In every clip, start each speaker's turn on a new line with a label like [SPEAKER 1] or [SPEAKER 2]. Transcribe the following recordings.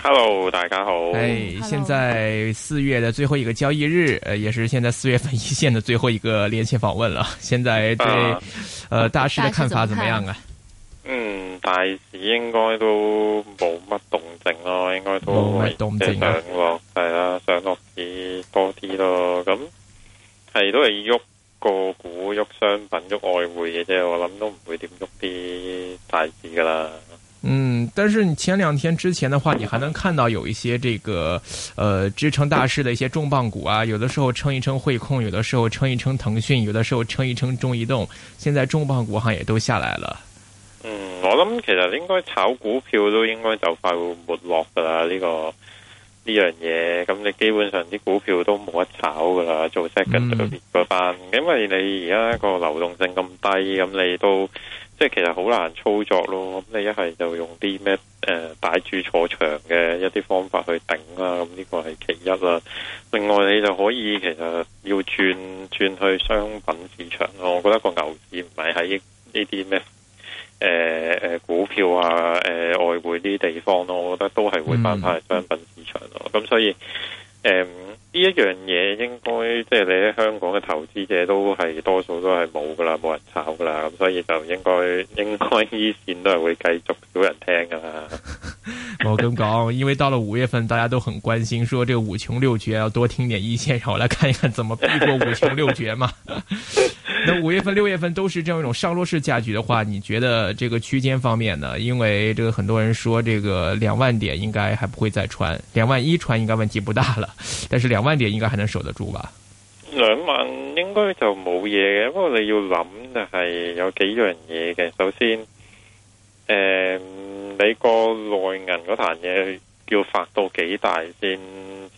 [SPEAKER 1] Hello，大家好。誒、hey，現在四月的最後一個交易日，誒、呃，也是現在四月份一線的最後一個連線訪問啦。現在對誒、uh, 呃，大市的看法怎麼樣啊？
[SPEAKER 2] 嗯，大市應該都冇乜動靜咯，應該都冇乜動靜啊。係啦，上落市多啲咯，咁係都係喐個股、喐商品、喐外匯嘅啫。我諗都唔會點喐啲大市噶啦。
[SPEAKER 1] 嗯，但是你前兩天之前的話，你還能看到有一些這個，呃，支撐大市的一些重磅股啊，有的時候撐一撐匯控，有的時候撐一撐騰訊，有的時候撐一撐中移動。現在重磅股行也都下來了。
[SPEAKER 2] 嗯，我諗其實應該炒股票都應該就快會沒落噶啦，呢、這個呢樣嘢，咁你基本上啲股票都冇得炒噶啦，做 second 嗰班、嗯，因為你而家個流動性咁低，咁你都。即係其實好難操作咯，咁你一係就用啲咩誒擺住坐場嘅一啲方法去頂啦，咁、這、呢個係其一啦。另外你就可以其實要轉轉去商品市場咯。我覺得個牛市唔係喺呢啲咩誒誒股票啊誒、呃、外匯啲地方咯，我覺得都係會翻翻去商品市場咯。咁、嗯、所以。誒、嗯，呢一樣嘢應該即係你喺香港嘅投資者都係多數都係冇噶啦，冇人炒噶啦，咁所以就應該應該一線都係會繼續少人聽噶啦。
[SPEAKER 1] 我咁 講，因為到了五月份，大家都很關心，說這個五窮六絕要多聽點一線，讓我來看一看怎麼避過五窮六絕嘛。 那五月份、六月份都是這樣一種上落式價局的話，你覺得這個區間方面呢？因為這個很多人說，這個兩萬點應該還不會再穿，兩萬一穿應該問題不大了，但是兩萬點應該還能守得住吧？
[SPEAKER 2] 兩萬應該就冇嘢嘅，不過你要諗就係有幾樣嘢嘅。首先，誒、呃，你個內銀嗰壇嘢要發到幾大先？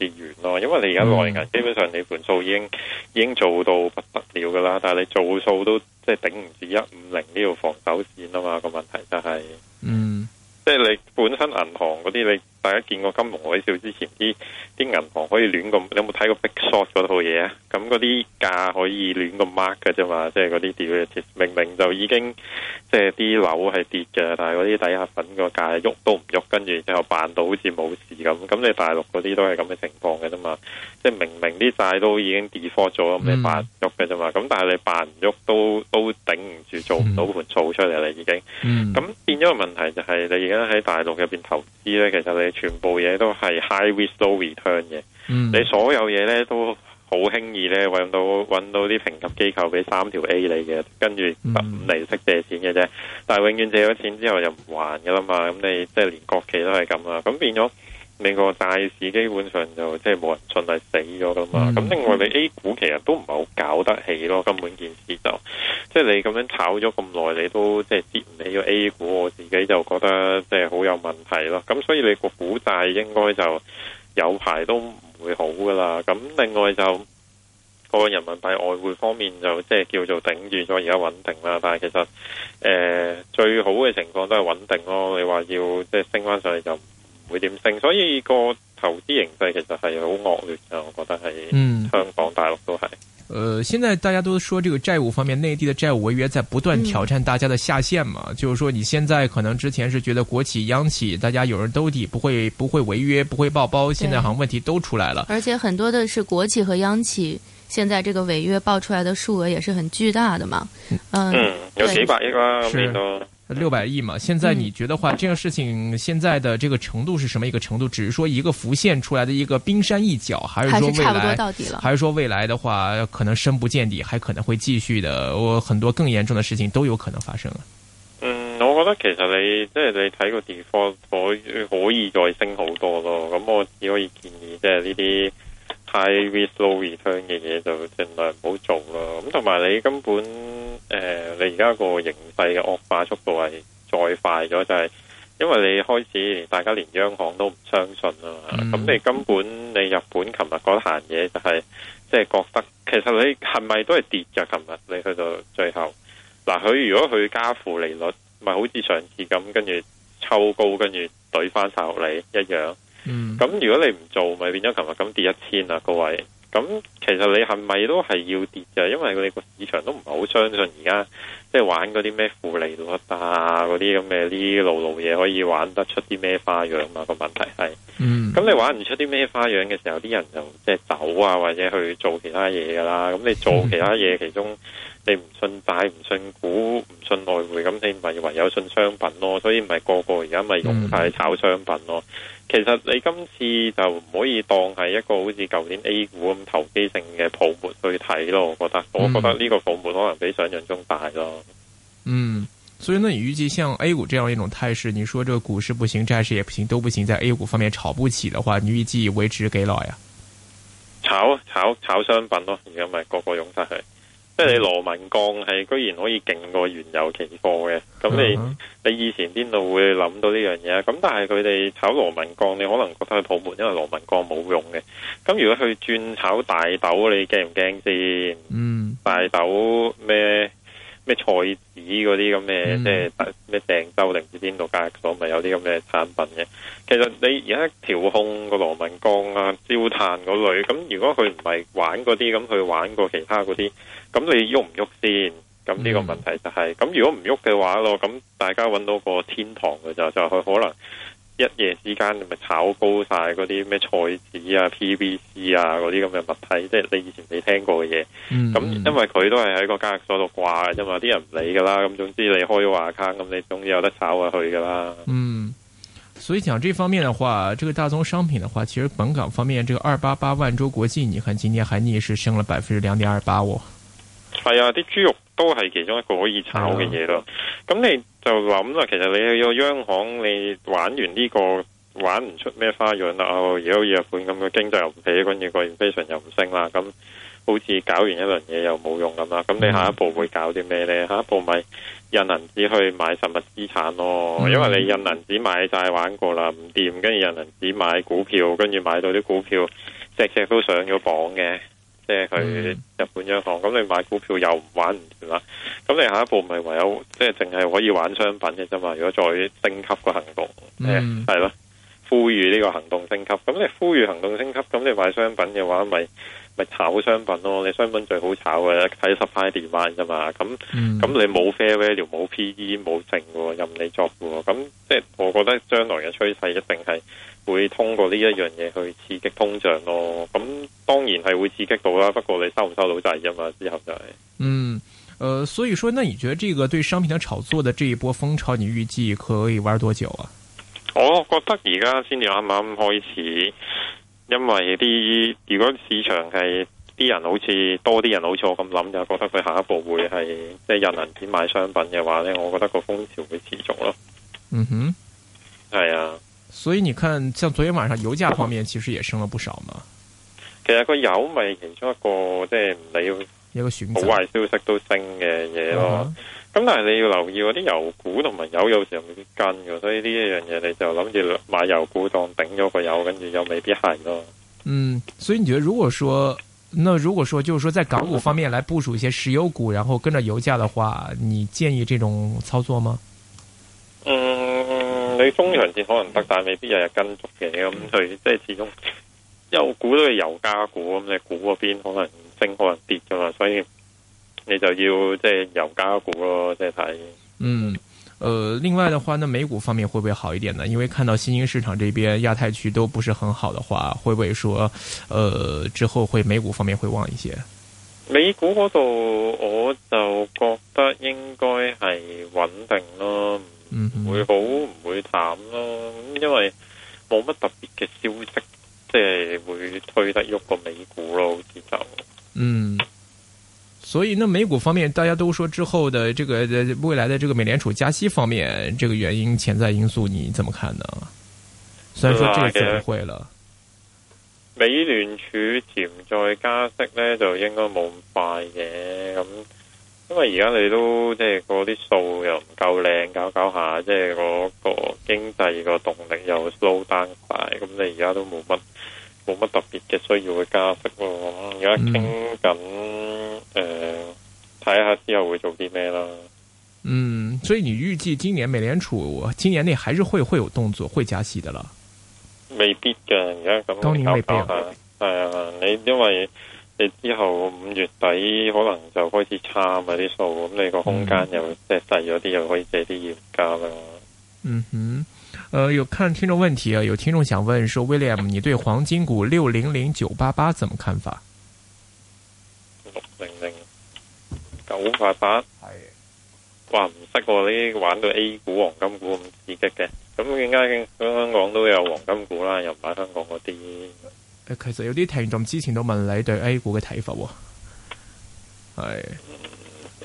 [SPEAKER 2] 資完咯，因為你而家內銀基本上你盤數已經已經做到不得了噶啦，但係你做數都即係頂唔住一五零呢條防守線啊嘛，那個問題就係、是、嗯，即係你本身銀行嗰啲你。大家見過金融海嘯之前啲啲銀行可以亂咁，你有冇睇過 Big Short 嗰套嘢啊？咁嗰啲價可以亂咁 mark 嘅啫嘛，即係嗰啲調明明就已經即係啲樓係跌嘅，但係嗰啲抵押品個價喐都唔喐，跟住之後辦到好似冇事咁。咁你大陸嗰啲都係咁嘅情況嘅啫嘛，即係明明啲債都已經 default 咗咁，mm. 你辦喐嘅啫嘛。咁但係你辦唔喐都都頂唔住，做唔到盤數出嚟啦已經。咁變咗個問題就係、是、你而家喺大陸入邊投資咧，其實你。全部嘢都係 high risk low return 嘅，mm. 你所有嘢咧都好輕易咧揾到揾到啲評級機構俾三條 A 你嘅，跟住得五利息借錢嘅啫。但係永遠借咗錢之後又唔還㗎啦嘛，咁你即係連國企都係咁啊，咁變咗。你個債市基本上就即係冇人信，係死咗噶嘛？咁另外你 A 股其實都唔係好搞得起咯，根本件事就即係你咁樣炒咗咁耐，你都即係跌唔起個 A 股，我自己就覺得即係好有問題咯。咁所以你個股債應該就有排都唔會好噶啦。咁另外就、個人民幣外匯方面就即係叫做頂住咗而家穩定啦，但係其實、呃、最好嘅情況都係穩定咯。你話要即係升翻上去就？會點升？所以個投資形勢其實係好惡劣啊！我覺得係，嗯，香港、
[SPEAKER 1] 大陸都係。誒，現在大家都說這個債務方面，內地的債務違約在不斷挑戰大家的下限嘛。嗯、就是說，你現在可能之前是覺得國企、央企，大家有人兜底，不會不會違約，不會爆包，現在好像問題都出來了。而且很多的是國企和央企，現在這個違約爆出來的數額也是很巨大的嘛。呃、嗯，有幾百億啦，六百億嘛？現在你覺得話，這個事情現在的這個程度是什麼一個程度？只是說一個浮現出來的一個冰山一角，還是說未來，還是，還是說未來的話可能深不見底，還可能會繼續的，我很多更嚴重的事情都有可能發生。嗯，
[SPEAKER 2] 我覺得其實你即係你睇個地方可以可以再升好多咯。咁我只可以建議，即係呢啲太 risky 嘅嘢就盡量唔好做咯。咁同埋你根本誒。呃你而家個形勢嘅惡化速度係再快咗，就係、是、因為你開始大家連央行都唔相信啦。咁、嗯、你根本你日本琴日嗰行嘢就係即係覺得其實你係咪都係跌着？琴日你去到最後嗱，佢如果佢加負利率，咪好似上次咁，跟住抽高，跟住懟翻晒落嚟一樣。咁、嗯、如果你唔做，咪變咗琴日咁跌一千啦，各位。咁其實你係咪都係要跌嘅？因為你個市場都唔係好相信而家，即係玩嗰啲咩負利率啊，嗰啲咁嘅啲路路嘢可以玩得出啲咩花樣嘛、啊？個問題係，嗯，咁你玩唔出啲咩花樣嘅時候，啲人就即係走啊，或者去做其他嘢噶啦。咁你做其他嘢、嗯，其中。你唔信債，唔信股，唔信外匯，咁你咪唯有信商品咯。所以咪個個而家咪湧晒去炒商品咯、嗯。其實你今次就唔可以當係一個好似舊年 A 股咁投機性嘅泡沫去睇咯。我覺得，我覺得呢個泡沫可能比想象中大咯。
[SPEAKER 1] 嗯，所以你預計像 A 股這樣一種態勢，你說這個股市不行，債市也不行，都不行，在 A 股方面炒不起的話，你預計維持幾耐呀、
[SPEAKER 2] 啊？炒炒炒商品咯，而家咪個個用晒佢。.即係你螺紋鋼係居然可以勁過原油期貨嘅，咁你你以前邊度會諗到呢樣嘢啊？咁但係佢哋炒螺紋鋼，你可能覺得佢泡沫，因為螺紋鋼冇用嘅。咁如果去轉炒大豆，你驚唔驚先？嗯，大豆咩？什麼咩菜籽嗰啲咁嘅，即係咩鄭州定唔知邊度交易所咪有啲咁嘅產品嘅。其實你而家調控個螺紋鋼啊、焦炭嗰類，咁如果佢唔係玩嗰啲咁，去玩過其他嗰啲，咁你喐唔喐先？咁呢個問題就係、是，咁如果唔喐嘅話咯，咁大家揾到個天堂嘅就就佢可能。一夜之間咪炒高晒嗰啲咩菜籽啊、PVC 啊嗰啲咁嘅物體，即係你以前未聽過嘅嘢。咁、嗯、因為佢都係喺個交易所度掛嘅啫嘛，啲人唔理噶啦。咁總之你開話卡，咁你總有得炒下去噶啦。
[SPEAKER 1] 嗯，所以講這方面嘅話，這個大宗商品嘅話，其實本港方面，這個二八八萬洲國際，你看今年還逆勢升了百分之兩點二八喎。
[SPEAKER 2] 係啊，啲豬肉都係其中一個可以炒嘅嘢咯。咁、啊、你。就諗啦，其實你去央行你玩完呢、這個玩唔出咩花樣啦、哦。然後而家好似日本咁嘅經濟又唔起，跟住個 inflation 又唔升啦。咁好似搞完一輪嘢又冇用咁啦。咁你下一步會搞啲咩呢？下一步咪印銀紙去買實物資產咯，因為你印銀紙買債玩過啦，唔掂，跟住印銀紙買股票，跟住買到啲股票隻隻都上咗榜嘅。即係佢日本央行，咁你買股票又唔玩唔掂啦，咁你下一步咪唯有即係淨係可以玩商品嘅啫嘛。如果再升級個行動，係、嗯、咯，呼籲呢個行動升級。咁你呼籲行動升級，咁你買商品嘅話，咪咪炒商品咯。你商品最好炒嘅睇 supply demand 啫嘛。咁咁、嗯、你冇 fair value，冇 PE，冇剩嘅任你作嘅。咁即係我覺得將來嘅趨勢一定係。會通過呢一樣嘢去刺激通脹咯，咁當然係會刺激到啦。不過你收唔收到債啫嘛？之後就係、是、嗯，
[SPEAKER 1] 誒、呃，所以說，那你覺得呢個對商品的炒作的這一波風潮，你預計可以玩多久啊？
[SPEAKER 2] 我覺得而家先至啱啱開始，因為啲如果市場係啲人好似多啲人好似我咁諗，就覺得佢下一步會係即係人民幣買商品嘅話呢，我覺得個風潮會持續咯。嗯
[SPEAKER 1] 哼，係啊。所以你看，像昨天晚上油價方面，其實也升了不少嘛。
[SPEAKER 2] 其實個油咪其中一個即係你要
[SPEAKER 1] 一個選擇。好壞
[SPEAKER 2] 消息都升嘅嘢咯。咁、uh -huh. 但係你要留意嗰啲油股同埋油，有時候未必跟嘅，所以呢一樣嘢你就諗住買油股當頂咗個油，跟住又未必行咯。
[SPEAKER 1] 嗯，所以你覺得如果說，那如果說就是說在港股方面來部署一些石油股，然後跟着油價的話，你建議這種操作嗎？嗯。
[SPEAKER 2] 佢中長線可能得，但係未必日日跟足嘅。咁，佢即係始終有、嗯、股都係油加股咁，你股嗰邊可能升可能跌噶嘛，所以你就要即係油加股咯，即係睇。嗯，
[SPEAKER 1] 呃，另外嘅話，那美股方面會唔會好一點呢？因為看到新興市場呢邊、亞太區都不是很好的話，會唔會說，呃，之後會美股方面會旺一些？
[SPEAKER 2] 美股嗰度我就覺得應該係穩定咯。唔、嗯嗯、會好唔會淡咯，咁因為冇乜特別嘅消息，即係會推得喐個美股咯，知道。嗯，
[SPEAKER 1] 所以呢，美股方面，大家都說之後的這個未來的這個美聯儲加息方面，這個原因潛在因素，你怎麼看呢？雖然說呢個就唔會喇，
[SPEAKER 2] 美聯儲潛在加息呢，就應該冇咁快嘅。咁因為而家你都即係嗰啲數又唔夠靚，搞搞下，即係嗰個經濟個動力又 slow down 快，咁你而家都冇乜冇乜特別嘅需要去加息咯。咁而家傾緊誒，睇、嗯呃、下之後會做啲咩啦。嗯，
[SPEAKER 1] 所以你預計今年美聯儲今年內還是會會有動作，會加息㗎啦？
[SPEAKER 2] 未必嘅，而家咁啊，當未必。係啊，你因為。你之後五月底可能就開始差啊啲數，咁、這、你個空間又即係細咗啲，又可以借啲錢㗎啦。
[SPEAKER 1] 嗯哼，誒，有看聽眾問題啊？有聽眾想問說，William，你對黃金股六零零九八八怎麼看法？六零零
[SPEAKER 2] 九八八係，話唔識過呢，玩到 A 股黃金股咁刺激嘅，咁更加香港都有黃金股啦，又買香港嗰啲。
[SPEAKER 1] 其實有啲聽眾之前都問你對 A 股嘅睇法。係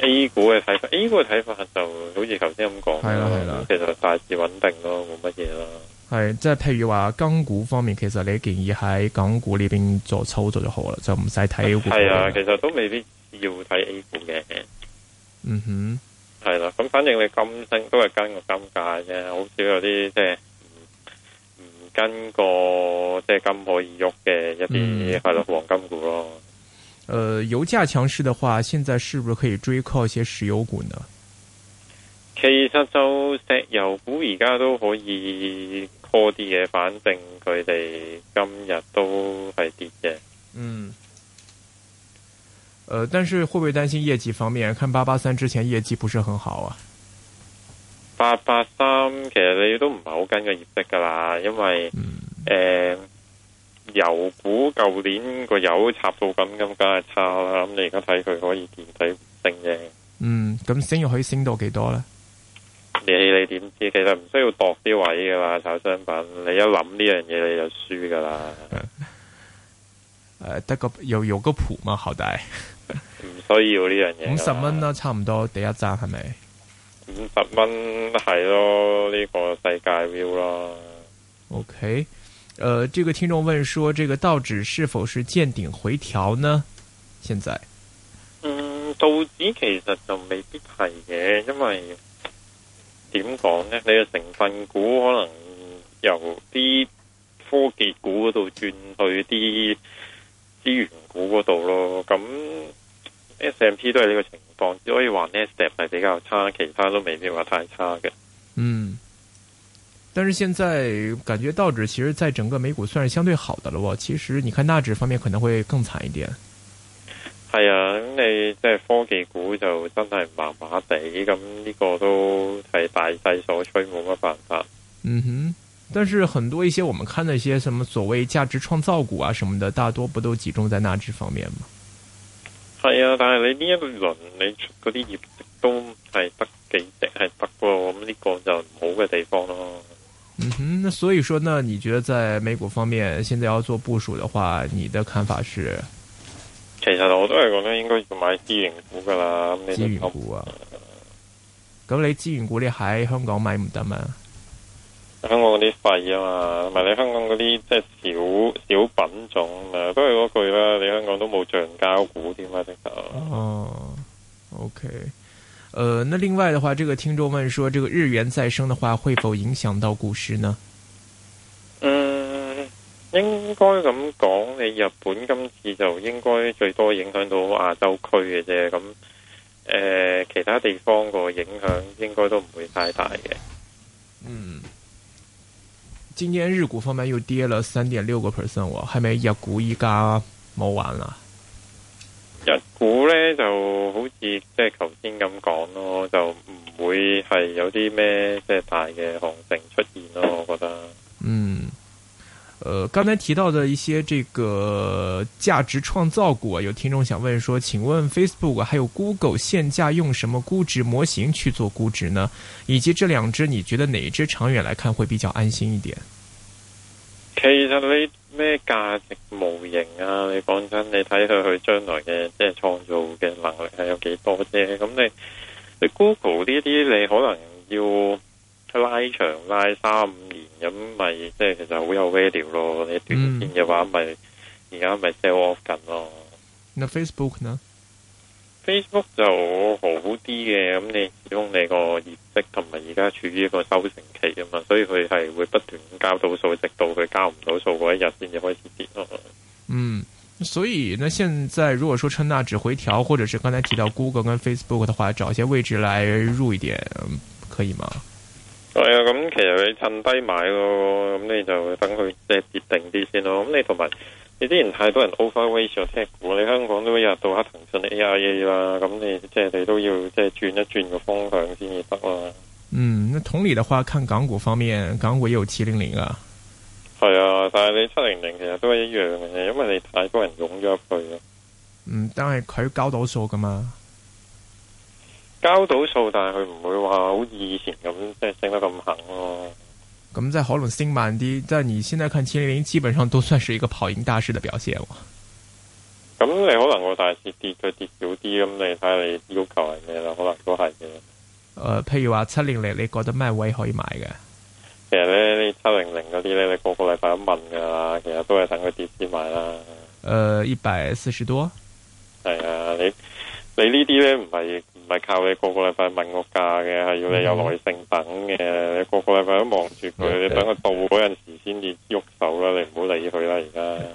[SPEAKER 2] A 股嘅睇法，A 股嘅睇法就好似頭先咁講啦。其實大致穩定咯，冇乜嘢啦。
[SPEAKER 1] 係即係譬如話金股方面，其實你建議喺港股呢邊做操作就好啦，就唔使睇 A 股。係啊，其
[SPEAKER 2] 實都未必要睇 A 股嘅。嗯
[SPEAKER 1] 哼，
[SPEAKER 2] 係啦，咁反正你金星都係跟個金價啫，好少有啲即係。跟個即係金可以喐嘅一啲係咯黃金股
[SPEAKER 1] 咯。誒、嗯呃，油價強勢嘅話，現在是不是可以追靠一些石油股呢？
[SPEAKER 2] 其實就石油股而家都可以 call 啲嘅，反正佢哋今日都係跌
[SPEAKER 1] 嘅。嗯。誒、呃，但是會唔會擔心業績方面？看八八三之前業績不是很好啊。
[SPEAKER 2] 八八三，其實你都唔係好跟個業績噶啦，因為誒、嗯呃、油股舊年個油插到咁咁，梗係差啦。咁你而家睇佢可以見底升嘅。嗯，
[SPEAKER 1] 咁升又可以升到幾多
[SPEAKER 2] 咧？你你點知？其實唔需要度啲位噶啦，炒商品你一諗呢樣嘢你就輸噶啦。
[SPEAKER 1] 誒、嗯，得個又有個譜嘛，好大。唔
[SPEAKER 2] 需要呢樣嘢。五十蚊
[SPEAKER 1] 啦，差唔多第一站係咪？是
[SPEAKER 2] 五十蚊係咯，呢、這個世界標咯。
[SPEAKER 1] OK，誒、呃，這個聽眾問說，這個道指是否是見頂回調呢？現在，
[SPEAKER 2] 嗯，道指其實就未必係嘅，因為點講呢？你嘅成分股可能由啲科技股嗰度轉去啲資源股嗰度咯，咁。S&P 都係呢個情況，只可以話呢 step 係比較差，其他都未必話太差嘅。
[SPEAKER 1] 嗯，但是現在感覺道指其實在整個美股算是相對好的咯。其實你看納指方面可能會更慘一點。
[SPEAKER 2] 係啊，咁你即係科技股就真係麻麻地，咁呢個都係大勢所趨，冇乜辦法。嗯哼，
[SPEAKER 1] 但是很多一些我們看那些什麼所謂價值創造股啊什麼的，大多不都集中在納指方面嘛？
[SPEAKER 2] 係啊，但係你呢一輪你出嗰啲業績都係得幾隻係得嘅，咁呢個就唔好嘅地方咯。
[SPEAKER 1] 嗯，這個、嗯哼，所以說，呢，你覺得在美股方面，現在要做部署嘅話，你的看法是？
[SPEAKER 2] 其實我都係講咧，應該要買資源股噶啦，資源股啊。咁你資源
[SPEAKER 1] 股啊，咁你資源股你喺香港買唔得咩？
[SPEAKER 2] 香港嗰啲廢啊嘛，唔係你香港嗰啲即係小小品種啊，都係嗰句啦。你香港都冇橡膠股點啊？的確哦
[SPEAKER 1] ，OK，誒、呃，那另外的話，這個聽眾問說，這個日元再升的話，會否影響到股市呢？嗯，
[SPEAKER 2] 應該咁講，你日本今次就應該最多影響到亞洲區嘅啫。咁誒、呃，其他地方個影響應該都唔會太大嘅。嗯。
[SPEAKER 1] 今年日股方面又跌了三點六個 percent 喎，係咪日股依家冇玩啦、啊？
[SPEAKER 2] 日股咧就好似即係頭先咁講咯，就唔會係有啲咩，即係大嘅行情出現咯，我覺得嗯。
[SPEAKER 1] 呃，剛才提到的一些這個價值創造股，啊，有聽眾想問說，請問 Facebook 還有 Google 現價用什麼估值模型去做估值呢？以及這兩隻你覺得哪一隻長遠來看會比較安心一點？
[SPEAKER 2] 其實你咩價值模型啊？你講真，你睇佢佢將來嘅即係創造嘅能力係有幾多啫？咁你你 Google 呢啲，你可能要拉長拉三五。咁咪即係其實好有 value 咯，你短線嘅話咪而家咪 sell off 緊咯。
[SPEAKER 1] 那 Facebook 呢
[SPEAKER 2] ？Facebook 就好啲嘅，咁你始終你個業績同埋而家處於一個收成期啊嘛，所以佢係會不斷交到數，直到佢交唔到數嗰一日先至開始跌咯。
[SPEAKER 1] 嗯，所以呢，那現在如果說趁大隻回調，或者是剛才提到 Google 跟 Facebook 嘅話，找一些位置來入一點，可以嗎？
[SPEAKER 2] 係啊，咁其實你趁低買咯，咁你就等佢即係跌定啲先咯。咁你同埋你之前太多人 overweight 嗰啲股，你香港都有到黑騰訊 AIA 啦，咁你即係你都要即係轉一轉個方向先至得啦。
[SPEAKER 1] 嗯，同理嘅話，看港股方面，港股有七零零啊。
[SPEAKER 2] 係啊，但係你七零零其實都係一樣嘅，因為你太多人湧咗去咯。嗯，
[SPEAKER 1] 但係佢交到數㗎嘛？
[SPEAKER 2] 交到數，但係佢唔會話好似以前咁，即係升得咁
[SPEAKER 1] 狠咯、啊。咁即係可能升慢啲。即係你先在近七零零，基本上都算是一個跑贏大市嘅表現。
[SPEAKER 2] 咁你可能大市跌啲，佢跌少啲，咁你睇下你要求係咩啦？可能都係
[SPEAKER 1] 嘅。誒、呃，譬如話七零零，你覺得咩位可以買嘅？
[SPEAKER 2] 其實咧，七零零嗰啲咧，你，你個個禮拜都問噶啦，其實都係等佢跌先買啦。
[SPEAKER 1] 誒、呃，一百四十多
[SPEAKER 2] 係啊？你你呢啲咧唔係？唔係靠你個個禮拜問個價嘅，係要你有耐性等嘅。嗯。你個個禮拜都望住佢，你等佢到嗰陣時先至喐手啦。你唔好理佢啦而家。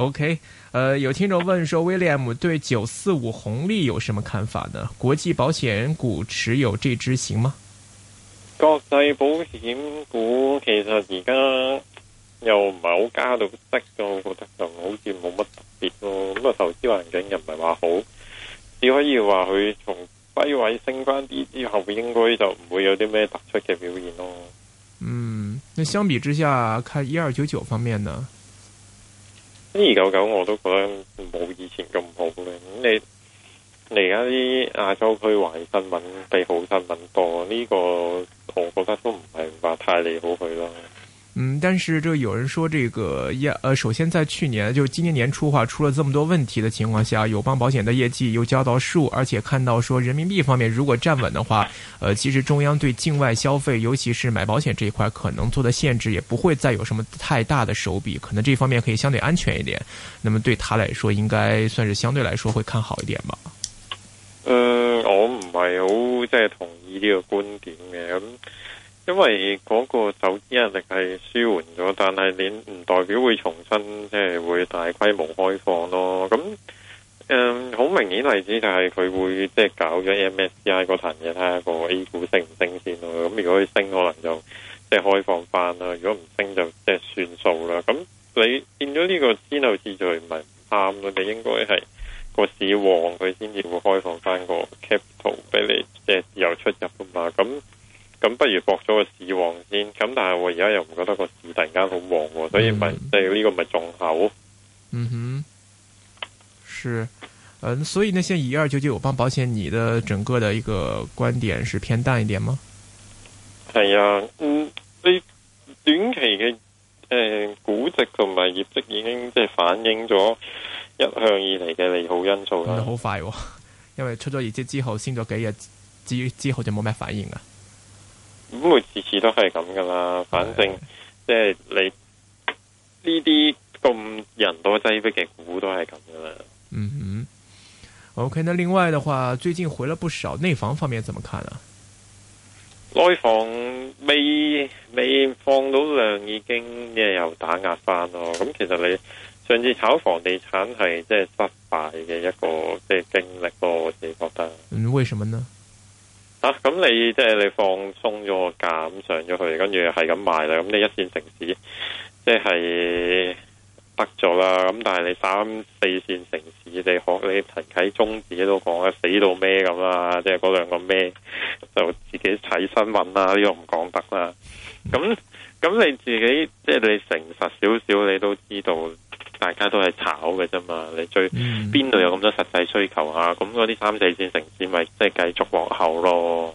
[SPEAKER 1] O K，誒，有聽眾問說，William 對九四五紅利有什麼看法呢？國際保險股持有這支行嗎？
[SPEAKER 2] 國際保險股其實而家又唔係好加到息，我覺得就好似冇乜特別咯。咁啊，投資環境又唔係話好，只可以話佢從。低位升翻啲之後，應該就唔會有啲咩突出嘅表現咯。嗯，
[SPEAKER 1] 那相比之下，看一二九九方面呢？
[SPEAKER 2] 一二九九我都覺得冇以前咁好嘅。咁你你而家啲亞洲區壞新聞比好新聞多，呢、呢個我覺得都唔係話太利好佢咯。
[SPEAKER 1] 嗯，但是就有人說，這個業呃，首先在去年，就是今年年初的話出了這麼多問題的情況下，友邦保險的業績又交到數，而且看到說人民幣方面如果站穩的話，呃，其實中央對境外消費，尤其是買保險這一塊可能做的限制也不會再有什麼太大的手筆，可能這方面可以相對安全一點。那麼對他來說，應該算是相對來說會看好一點吧。
[SPEAKER 2] 呃，我唔係好即係同意呢個觀點嘅咁。因為嗰個走資壓力係舒緩咗，但係你唔代表會重新即係、就是、會大規模開放咯。咁，嗯，好明顯例子就係佢會即係、就是、搞咗 MSCI 個壇嘢，睇下個 A 股升唔升先咯。咁如果佢升，可能就即係開放翻啦；如果唔升，就即係算數啦。咁你變咗呢個先後次序唔係唔啱咯？你應該係個市旺佢先至會開放翻個 capital 俾你即係自由出入噶嘛？咁。咁不如搏咗個市旺先。咁但係我而家又唔覺得個市突然間好旺，所以咪即係呢個咪重口。
[SPEAKER 1] 嗯哼，是，嗯、所以呢，先以二九九我幫保險，你的整個的一個觀點是偏淡一點嗎？
[SPEAKER 2] 係啊。嗯，你短期嘅誒、呃、估值同埋業績已經即係反映咗一向以嚟嘅利好因素啦。得好
[SPEAKER 1] 快、哦，因為出咗業績之後，先咗幾日之之後就冇咩反應啊。
[SPEAKER 2] 不過次次都係咁噶啦，反正即係你呢啲咁人多擠逼嘅股都係咁噶啦。嗯
[SPEAKER 1] 哼，OK，那另外嘅話，最近回了不少內房方面，怎麼看啊？
[SPEAKER 2] 內房未未放到量，已經即係又打壓翻咯。咁其實你上次炒房地產係即係失敗嘅一個即係、就是、經歷咯，我自己覺得。嗯，
[SPEAKER 1] 為什麼呢？
[SPEAKER 2] 咁、啊、你即係、就是、你放鬆咗個價上咗去，跟住係咁賣啦。咁你一線城市即係、就是、得咗啦。咁但係你三四線城市你學你陳啟宗自己都講啊，死到咩咁啦？即係嗰兩個咩就自己睇新聞啦。呢、這個唔講得啦。咁咁你自己即係、就是、你誠實少少，你都知道。大家都係炒嘅啫嘛，你最邊度、嗯、有咁多實際需求啊？咁嗰啲三四線城市咪即係繼續落後咯。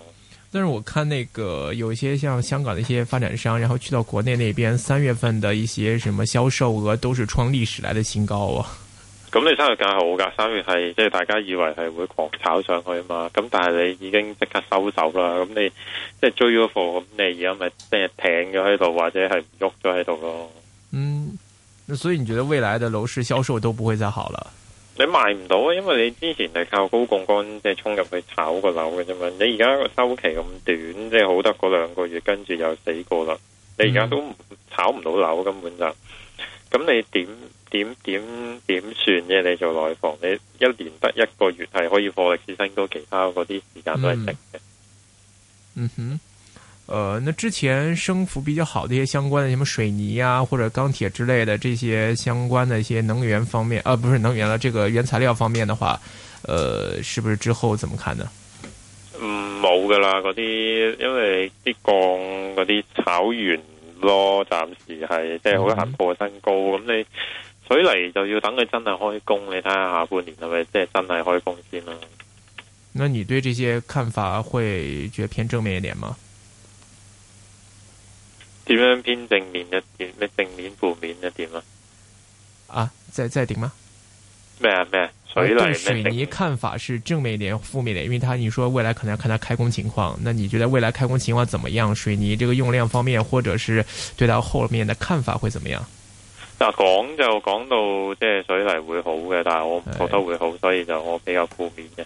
[SPEAKER 2] 但
[SPEAKER 1] 是我看那個有一些像香港啲，一些發展商，然後去到國內那邊，三月份的一些什麼銷售額都是創歷史來的新高啊。
[SPEAKER 2] 咁你三月更好噶，三月係即係大家以為係會狂炒上去嘛。咁但係你已經即刻收手啦。咁你即係追咗貨，咁你而家咪即係停咗喺度，或者係喐咗喺度咯。嗯。
[SPEAKER 1] 所以你覺得未來嘅樓市銷售都不會再好了？
[SPEAKER 2] 你賣唔到啊，因為你之前係靠高槓桿即係衝入去炒個樓嘅啫嘛。你而家個周期咁短，即係好得嗰兩個月，跟住又死過啦。你而家都炒唔到樓，根本就咁，嗯、你點點點點算啫？你做內房，你一年得一個月係可以獲歷史新高，其他嗰啲時間都係值嘅。
[SPEAKER 1] 嗯哼。呃，那之前升幅比較好的一些相關的，什麼水泥啊，或者鋼鐵之類的這些相關的，一些能源方面啊、呃，不是能源了，這個原材料方面的話，呃，是不是之後怎麼看呢？嗯，
[SPEAKER 2] 冇噶啦，嗰啲因為啲鋼嗰啲炒完咯，暫時係即係好難破新高咁。嗯、那你水泥就要等佢真係開工，你睇下下半年係咪即係真係開工先啦？
[SPEAKER 1] 那你對這些看法會覺得偏正面一點嗎？
[SPEAKER 2] 點樣偏
[SPEAKER 1] 正面一點？咩正面、負
[SPEAKER 2] 面一點啊？啊，即係即係點啊？咩啊咩？我對水泥
[SPEAKER 1] 看法是正面一點、負面一點，因為他你說未來可能要看他開工情況。那你覺得未來開工情況怎麼樣？水泥這個用量方面，或者是對他後面的看法會怎麼樣？
[SPEAKER 2] 嗱，講就講到即係水泥會好嘅，但係我唔覺得會好，所以就我比較負面嘅。